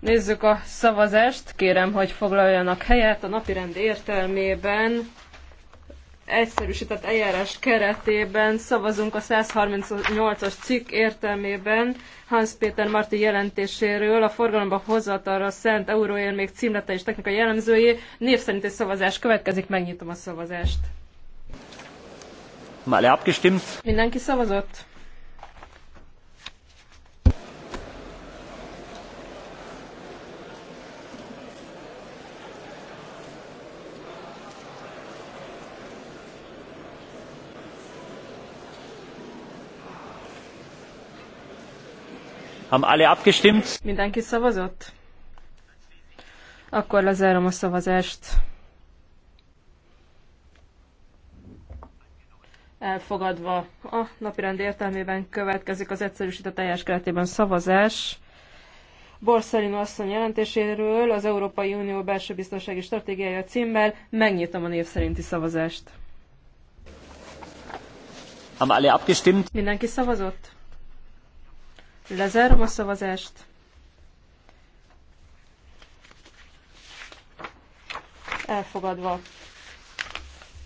Nézzük a szavazást. Kérem, hogy foglaljanak helyet a napirend értelmében. Egyszerűsített eljárás keretében szavazunk a 138-as cikk értelmében Hans Péter Marti jelentéséről a forgalomba hozatalra szent euróérmék címlete és technikai jellemzői. Név egy szavazás következik, megnyitom a szavazást. Mindenki szavazott? Haben alle abgestimmt? Mindenki szavazott? Akkor lezárom a szavazást. Elfogadva a napirend értelmében következik az egyszerűsített teljes keretében szavazás. Borszalino asszony jelentéséről az Európai Unió belső biztonsági stratégiája címmel megnyitom a név szerinti szavazást. Haben alle abgestimmt? Mindenki szavazott? Lezárom a szavazást. Elfogadva.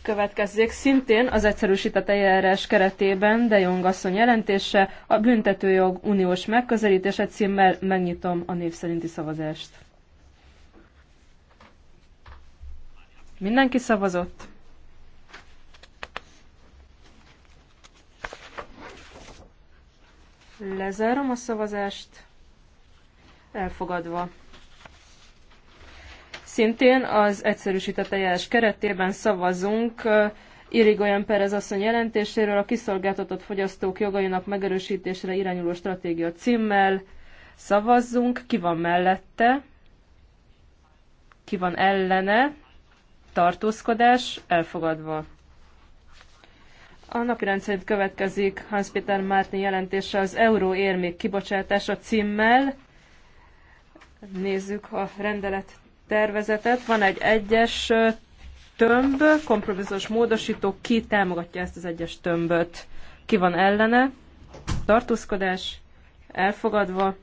Következzék szintén az egyszerűsített eljárás keretében De Jong asszony jelentése a büntetőjog uniós megközelítése címmel megnyitom a név szerinti szavazást. Mindenki szavazott? Lezárom a szavazást. Elfogadva. Szintén az egyszerűsített eljárás keretében szavazunk Irigoyen Perez asszony jelentéséről a kiszolgáltatott fogyasztók jogainak megerősítésre irányuló stratégia címmel. Szavazzunk, ki van mellette, ki van ellene, tartózkodás elfogadva. A napi rendszerint következik Hans-Peter Márti jelentése az euró érmék kibocsátása címmel. Nézzük a rendelet tervezetet. Van egy egyes tömb, kompromisszós módosító. Ki támogatja ezt az egyes tömböt? Ki van ellene? Tartózkodás elfogadva.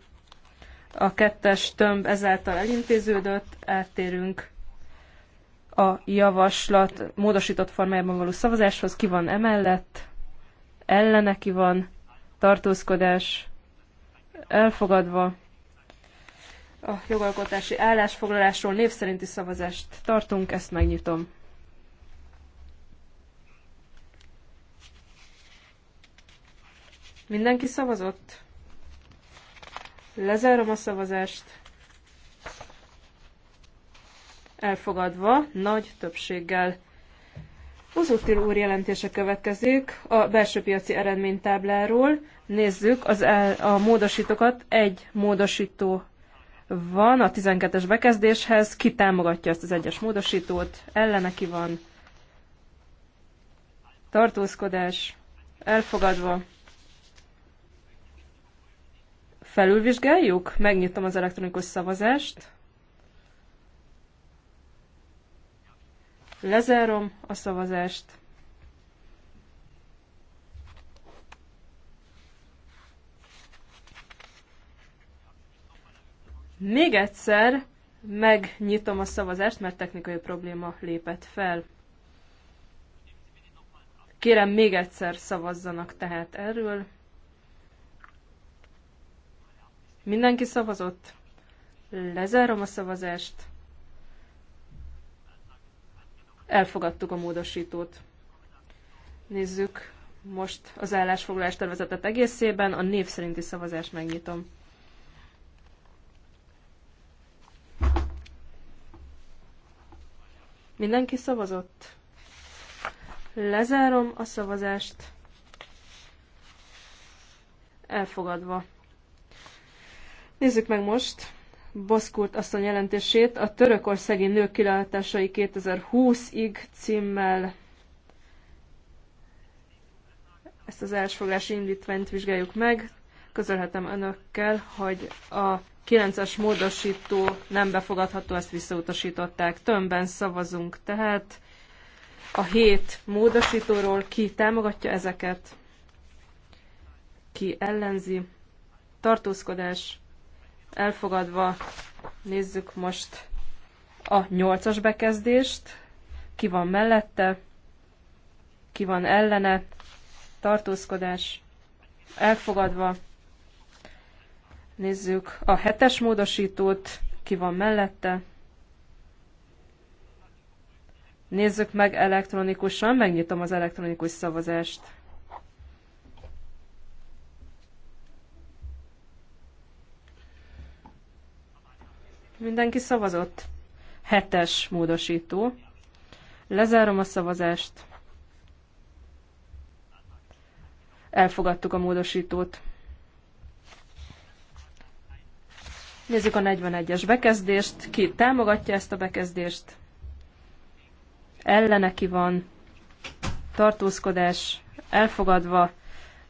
A kettes tömb ezáltal elintéződött. Áttérünk a javaslat módosított formájában való szavazáshoz. Ki van emellett? Ellene ki van? Tartózkodás? Elfogadva? A jogalkotási állásfoglalásról név szerinti szavazást tartunk, ezt megnyitom. Mindenki szavazott? Lezárom a szavazást elfogadva nagy többséggel. Uzutil úr jelentése következik a belső piaci eredménytábláról. Nézzük az el, a módosítókat. Egy módosító van a 12-es bekezdéshez. Ki támogatja ezt az egyes módosítót? Ellene ki van? Tartózkodás. Elfogadva. Felülvizsgáljuk? Megnyitom az elektronikus szavazást. Lezárom a szavazást. Még egyszer megnyitom a szavazást, mert technikai probléma lépett fel. Kérem, még egyszer szavazzanak tehát erről. Mindenki szavazott? Lezárom a szavazást. Elfogadtuk a módosítót. Nézzük most az állásfoglalás tervezetet egészében. A név szerinti szavazást megnyitom. Mindenki szavazott? Lezárom a szavazást. Elfogadva. Nézzük meg most Boszkurt asszony jelentését a törökországi nők kilátásai 2020-ig címmel. Ezt az elsfoglási indítványt vizsgáljuk meg. Közölhetem önökkel, hogy a 9-es módosító nem befogadható, ezt visszautasították. Tömbben szavazunk tehát a hét módosítóról. Ki támogatja ezeket? Ki ellenzi? Tartózkodás elfogadva. Nézzük most a nyolcas bekezdést. Ki van mellette, ki van ellene, tartózkodás, elfogadva. Nézzük a hetes módosítót, ki van mellette. Nézzük meg elektronikusan, megnyitom az elektronikus szavazást. Mindenki szavazott? Hetes módosító. Lezárom a szavazást. Elfogadtuk a módosítót. Nézzük a 41-es bekezdést. Ki támogatja ezt a bekezdést? Ellene ki van? Tartózkodás elfogadva.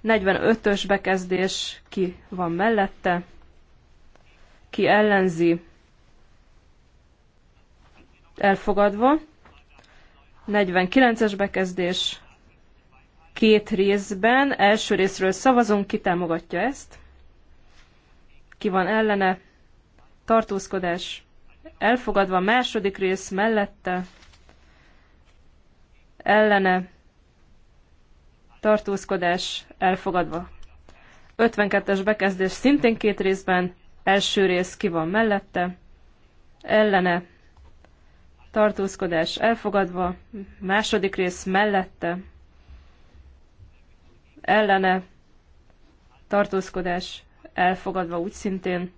45-ös bekezdés. Ki van mellette? Ki ellenzi? elfogadva. 49-es bekezdés két részben. Első részről szavazunk, ki támogatja ezt. Ki van ellene? Tartózkodás elfogadva. Második rész mellette. Ellene. Tartózkodás elfogadva. 52-es bekezdés szintén két részben. Első rész ki van mellette. Ellene tartózkodás elfogadva, második rész mellette, ellene, tartózkodás elfogadva úgy szintén.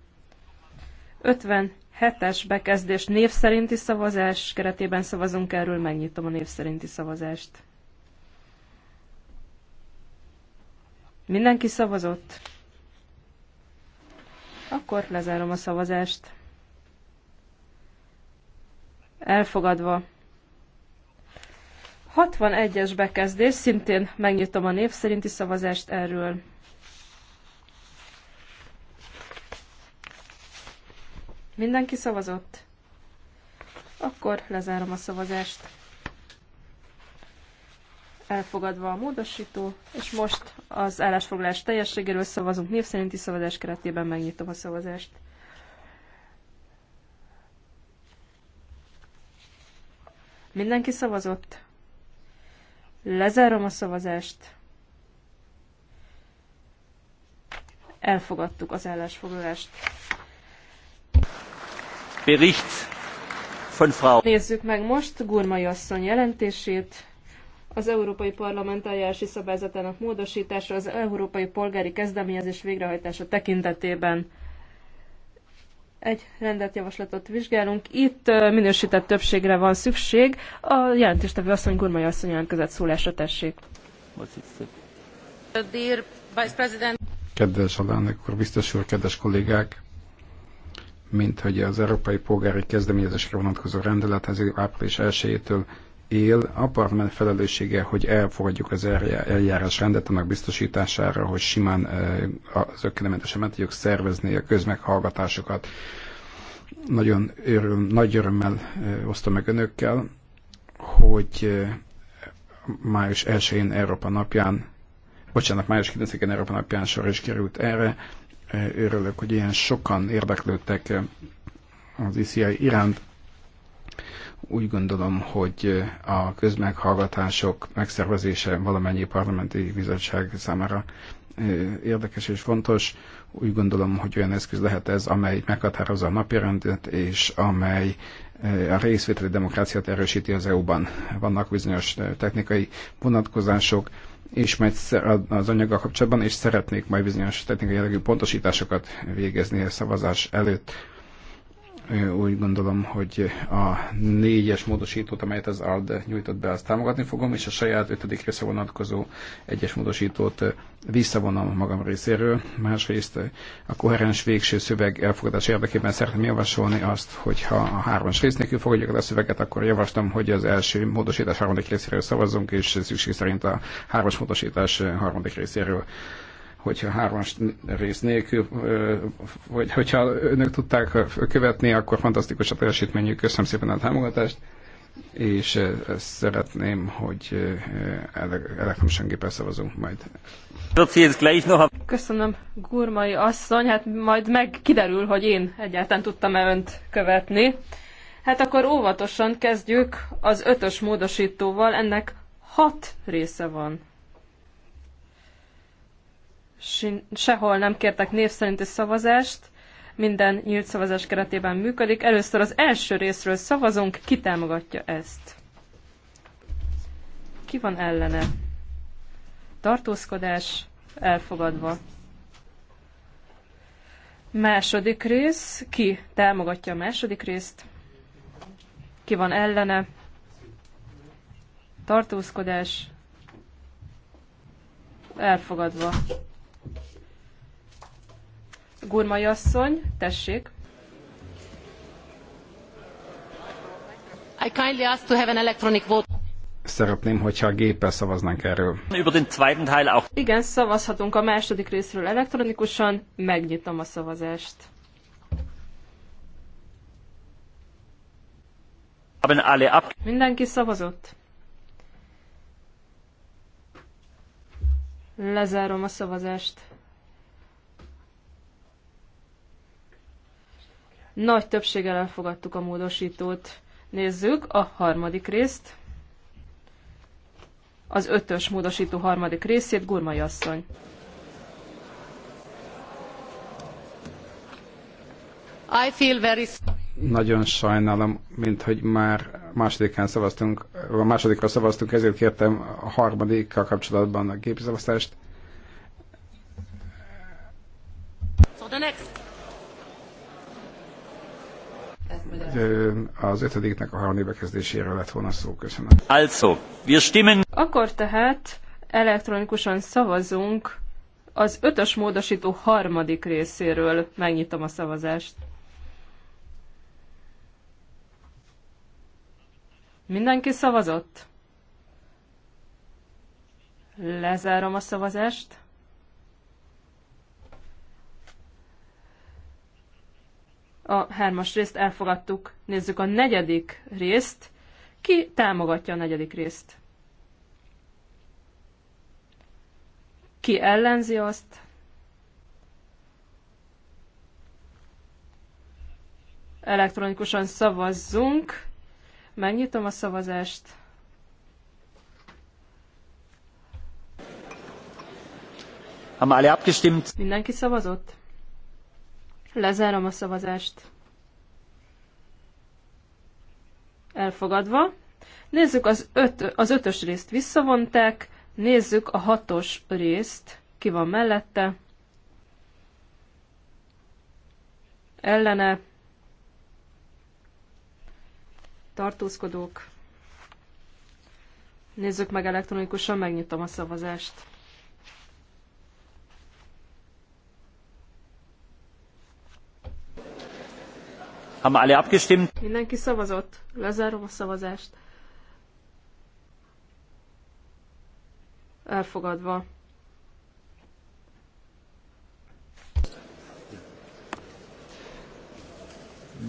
57-es bekezdés név szerinti szavazás keretében szavazunk erről, megnyitom a név szerinti szavazást. Mindenki szavazott? Akkor lezárom a szavazást. Elfogadva. 61-es bekezdés, szintén megnyitom a név szerinti szavazást erről. Mindenki szavazott? Akkor lezárom a szavazást. Elfogadva a módosító, és most az állásfoglalás teljességéről szavazunk név szerinti szavazás keretében megnyitom a szavazást. Mindenki szavazott? Lezárom a szavazást. Elfogadtuk az állásfoglalást. Bericht von Frau. Nézzük meg most Gurmai asszony jelentését. Az Európai Parlament eljárási szabályzatának módosítása az Európai Polgári Kezdeményezés végrehajtása tekintetében egy javaslatot vizsgálunk. Itt minősített többségre van szükség. A jelentéstevő asszony Gurmai asszony jelentkezett szólásra tessék. Kedves alelnök úr, biztos úr, kedves kollégák! Mint hogy az Európai Polgári Kezdeményezésre vonatkozó rendelet az április 1-től él, a parlament felelőssége, hogy elfogadjuk az eljárás rendet annak biztosítására, hogy simán e, az ökkelementesen meg tudjuk szervezni a közmeghallgatásokat. Nagyon öröm, nagy örömmel e, osztom meg önökkel, hogy e, május 1-én Európa napján, bocsánat, május 9-én Európa napján sor is került erre. Örülök, hogy ilyen sokan érdeklődtek az ICI iránt úgy gondolom, hogy a közmeghallgatások megszervezése valamennyi parlamenti bizottság számára érdekes és fontos. Úgy gondolom, hogy olyan eszköz lehet ez, amely meghatározza a napirendet, és amely a részvételi demokráciát erősíti az EU-ban. Vannak bizonyos technikai vonatkozások, és majd az anyaggal kapcsolatban, és szeretnék majd bizonyos technikai jellegű pontosításokat végezni a szavazás előtt úgy gondolom, hogy a négyes módosítót, amelyet az ARD nyújtott be, azt támogatni fogom, és a saját ötödik része vonatkozó egyes módosítót visszavonom magam részéről. Másrészt a koherens végső szöveg elfogadás érdekében szeretném javasolni azt, hogy ha a hármas rész nélkül fogadjuk a szöveget, akkor javaslom, hogy az első módosítás harmadik részéről szavazzunk, és szükség szerint a hármas módosítás harmadik részéről hogyha hármas rész nélkül, vagy hogyha önök tudták követni, akkor fantasztikus a teljesítményük. Köszönöm szépen a támogatást, és szeretném, hogy elektromosan géppel szavazunk majd. Köszönöm, Gurmai asszony, hát majd meg kiderül, hogy én egyáltalán tudtam-e önt követni. Hát akkor óvatosan kezdjük az ötös módosítóval, ennek hat része van sehol nem kértek név szerinti szavazást, minden nyílt szavazás keretében működik. Először az első részről szavazunk, ki támogatja ezt? Ki van ellene? Tartózkodás elfogadva. Második rész, ki támogatja a második részt? Ki van ellene? Tartózkodás elfogadva. Gurmai asszony, tessék. I kindly ask to have an electronic vote. Szeretném, hogyha a géppel szavaznánk erről. Über den zweiten Teil auch. Igen, szavazhatunk a második részről elektronikusan. Megnyitom a szavazást. Haben alle ab. Mindenki szavazott? Lezárom a szavazást. Nagy többséggel elfogadtuk a módosítót. Nézzük a harmadik részt. Az ötös módosító harmadik részét, Gurmai asszony. I feel very... Nagyon sajnálom, mint hogy már másodikán szavaztunk, a másodikra szavaztunk, ezért kértem a harmadikkal kapcsolatban a gépi szavazást. So the next az ötödiknek a harmadik bekezdéséről lett volna szó. Köszönöm. Also, wir stimmen. Akkor tehát elektronikusan szavazunk az ötös módosító harmadik részéről. Megnyitom a szavazást. Mindenki szavazott? Lezárom a szavazást. A hármas részt elfogadtuk. Nézzük a negyedik részt. Ki támogatja a negyedik részt? Ki ellenzi azt? Elektronikusan szavazzunk. Megnyitom a szavazást. Haben alle abgestimmt? Mindenki szavazott? Lezárom a szavazást. Elfogadva. Nézzük az, öt, az ötös részt visszavonták, nézzük a hatos részt, ki van mellette. Ellene. Tartózkodók. Nézzük meg elektronikusan, megnyitom a szavazást. Haben alle abgestimmt? Mindenki szavazott. Lezárom a szavazást. Elfogadva.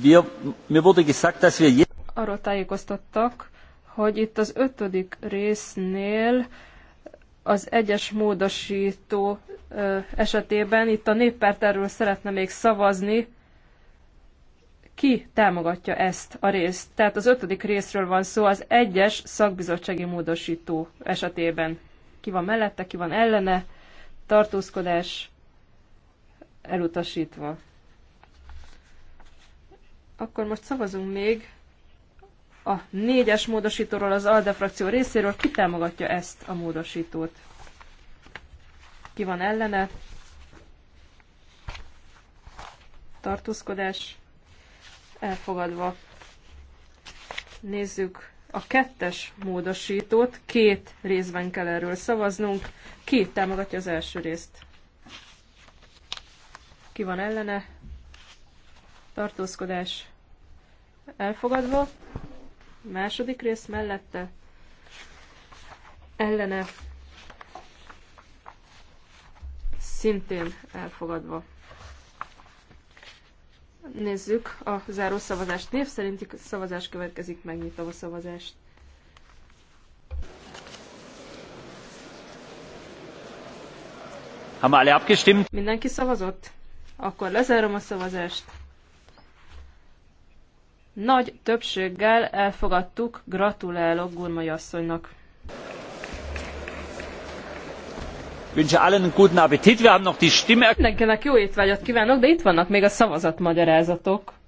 Wir, mir wurde gesagt, dass wir Arról tájékoztattak, hogy itt az ötödik résznél az egyes módosító esetében itt a néppárt erről szeretne még szavazni, ki támogatja ezt a részt? Tehát az ötödik részről van szó, az egyes szakbizottsági módosító esetében. Ki van mellette, ki van ellene, tartózkodás elutasítva. Akkor most szavazunk még a négyes módosítóról az ALDE frakció részéről. Ki támogatja ezt a módosítót? Ki van ellene? Tartózkodás elfogadva. Nézzük a kettes módosítót, két részben kell erről szavaznunk, ki támogatja az első részt. Ki van ellene? Tartózkodás elfogadva. Második rész mellette ellene szintén elfogadva. Nézzük a záró szavazást. Név szerinti szavazás következik, megnyitom a szavazást. Ha már abgestimmt? Mindenki szavazott? Akkor lezárom a szavazást. Nagy többséggel elfogadtuk, gratulálok Gurmai asszonynak. wünsche allen einen guten Appetit. Wir haben noch die Stimme. Mindenkinek jó étvágyat kívánok, de itt vannak még a szavazatmagyarázatok.